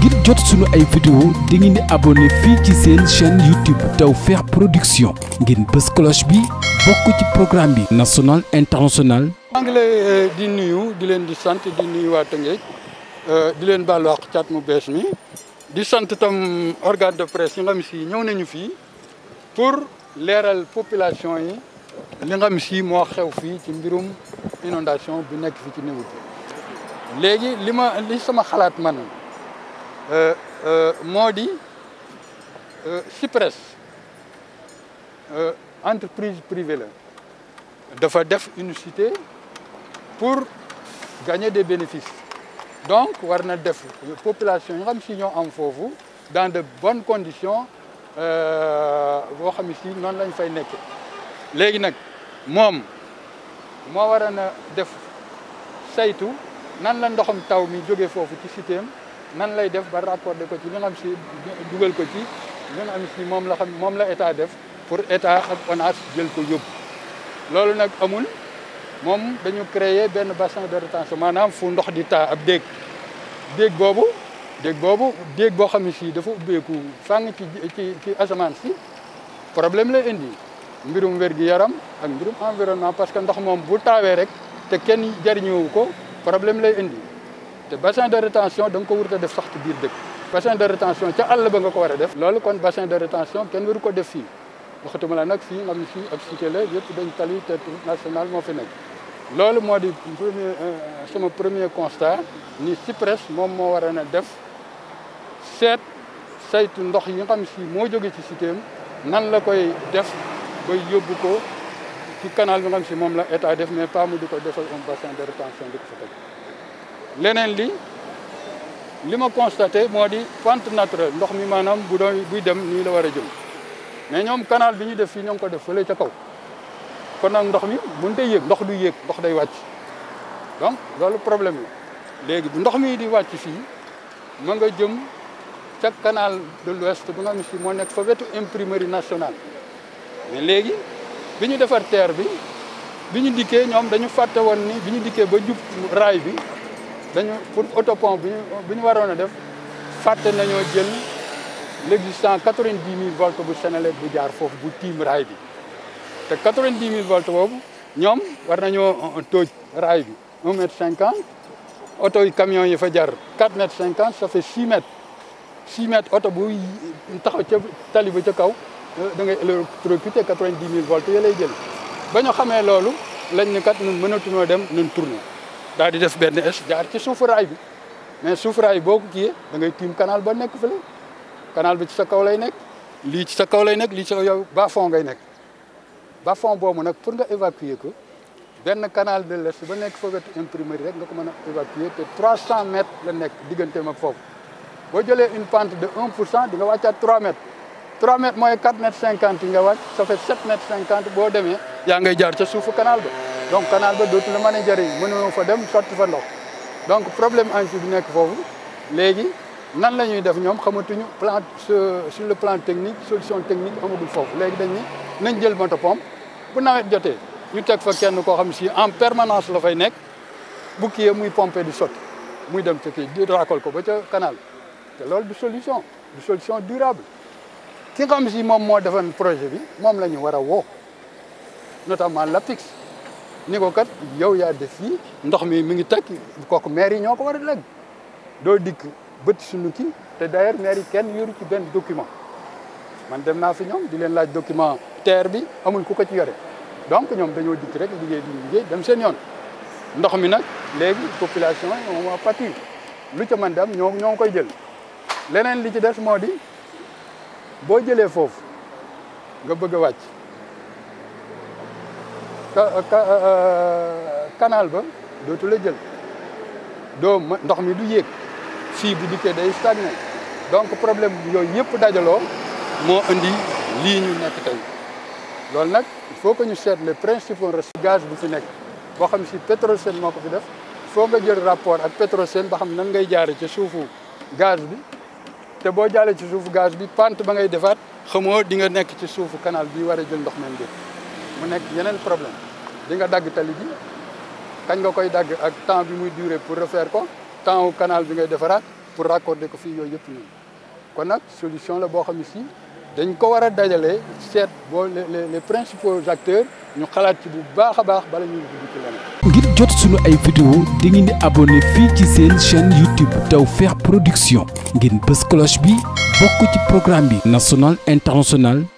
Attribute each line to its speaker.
Speaker 1: ngir jot sunu ay vidéo di ngeen di abonné fii ci seen chaîne YouTube Tawfekh Production ngeen bës cloche bi bokk ci programme bi national international. maa ngi lay euh, di nuyu di leen di sant di nuyu waa Tëngéej euh, di leen baalu àq caat mu bees mi di sant tam organe de presse yi nga sii ñëw nañu fii pour leeral population yi li nga xam si moo xew fii ci mbirum inondation bi nekk fii ci néew léegi li ma li sama xalaat man. Euh, euh, moo di Sipres euh, entreprise privée la dafa def une pour gagner des bénéfice donc war na def population yi nga xam si ñoo am foofu dans de bonnes conditions boo xam si noonu lañ fay nekk léegi nag moom moo war a na def saytu nan la ndoxam taw mi jógee foofu ci cité nan lay def ba raccordé ko ci li nga xam si dugal ko ci li nga xam si moom la xam moom la état def pour état ak ONAS jël ko yóbbu loolu nag amul moom dañu créer benn bassin de rétention maanaam fu ndox di taa ab déeg déeg boobu déeg boobu déeg boo xam ne si dafa ubbeeku fàng ci ci asamaan si problème lay indi mbirum wér-gi-yaram ak mbirum environnement parce que ndox moom bu taawee rek te kenn jariñoowu ko problème lay indi te bassin de rétention da nga ko wurta def sax ci biir dëkk bassin de rétention ca àll ba nga ko war def loolu kon bassin de rétention kenn waru ko def fii waxatuma la nag fii nga xam ne fii ak cité la yëpp dañ tali te route nationale moo fi nekk loolu moo di premier euh, sama premier constat ni CIPRES moom moo war na def seet saytu ndox yi nga xam si moo jóge ci cité nan la koy def ba yóbbu ko ci canal bi nga xam si moom la état def mais pas mu di ko defal un bassin de rétention fa teg leneen li li ma constaté moo di pente naturelle ndox mi maanaam bu doon buy dem nii la war a jëm mais ñoom canal bi ñu def fii ñoo ngi ko def fële ca kaw kon nag ndox mi mënut a yéeg ndox du yéeg ndox day wàcc donc loolu problème la léegi bu ndox mi di wàcc fii ma nga jëm ca canal de l'ouest bu nga xam moo nekk fa wetu imprimerie nationale mais léegi bi ñu defar terre bi bi ñu dikkee ñoom dañu fàtte woon ni bi ñu dikkee ba jub raay bi dañu pour autopont bi ñu bi ñu waroon a def fàtte nañoo jël l'existant quatre-vingt-dix mille volts bu Senelec bu jaar foofu bu tiim raay bi te quatre-vingt-dix mille volts boobu ñoom war nañoo euh, euh, tooj raay bi un mètre cinquante oto yi camions yi fa jar quatre mètres cinquante ça fait six mètres six mètres oto bu taxaw tali ba ca kaw euh, da ngay électrocuté quatre-vingt-dix mille volts yi lay jël ba ñu xamee loolu lañ ne kat ñun mënatunoo dem ñun tourner daal di def benn es jaar ci suufu raay bi mais suufu raay boo ko kiiyee da ngay tiim canal ba nekk fële kanal bi ci sa kaw lay nekk lii ci sa kaw lay nekk lii ci yow bas fond ngay nekk bas fond boobu nag pour nga évacuer ko benn canal de l'est ba nekk fa wetu imprimerie rek nga ko mën a évacuer te 300 mètres la nekk digganteem ak foofu boo jëlee une pente de un pour cent di nga wàccaat 3 mètres 3 mètres mooy 4 yi nga wàcc ça fait 7 boo demee yaa ngay jaar ca suufu canal donc canal ba dootu la mën a jëriñ mënoo fa dem sotti fa ndox donc problème enjeu bi nekk foofu léegi nan la ñuy def ñoom xamatuñu plan sur le plan technique solution technique amagul foofu léegi dañ ni jël moto pompe bu nawet jotee ñu teg fa kenn koo xam si en permanence la fay nekk bu kii muy pomper di sotti muy dem ca kii di raakol ko ba ca canal te loolu di solution du solution durable ki nga xam si moom moo defoon projet bi moom la ñu war a woo notamment l'APIX ni ko kat yow yaa def fii ndox mi mi ngi takk kooku maire yi ñoo ko war a léegi doo dikk bët suñu kii te d'ailleurs maire kenn yoru ci benn document man dem naa fi ñoom di leen laaj document terre bi amuñ ku ko ci yore donc ñoom dañoo dikk rek liggéey dem seen yoon ndox mi nag léegi population yi waa pati lu ca mën dem ñoo ñoo koy jël leneen li ci des moo di boo jëlee foofu nga bëgg a wàcc Euh, canal ba dootu la jël doo ndox mi du yéeg fii bu dikkee day stagné donc problème yooyu yëpp dajaloo moo indi lii ñu nekk tey loolu nag il faut ñu seet les principaux ressources gaz bu fi nekk boo xam si Petrosen moo ko fi def foo nga jër rapport ak Petrosen boo xam nan ngay jaare ci suufu gaz bi te boo jaalee ci suufu gaz bi pant ba ngay defaat xamoo di nga nekk ci suufu canal bi war a jël ndox même bi mu nekk yeneen problème di nga dagg tali bi kañ nga koy dagg ak temps bi muy durer pour refaire ko temps wu canal bi ngay defaraat pour raccorder ko fii yooyu yëpp ñun kon nag solution la boo xam ne si dañ ko war a dajale seet boo les les principaux acteurs ñu xalaat ci bu baax a baax bala ñuy dugg ci ngir jot suñu ay vidéo di ngeen di abonné fii ci seen chaîne YouTube feex Production ngeen bës cloche bi bokk ci programme bi national international.